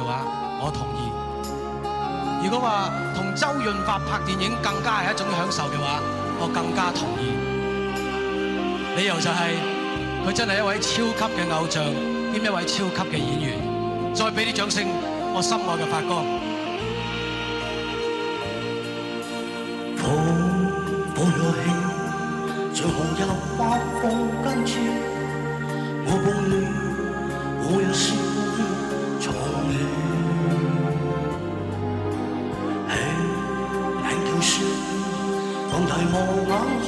嘅話，我同意。如果話同周潤發拍電影更加係一種享受嘅話，我更加同意。理由就係佢真係一位超級嘅偶像兼一位超級嘅演員。再俾啲掌聲，我心愛嘅發哥。抱抱入去，像紅日般緊貼。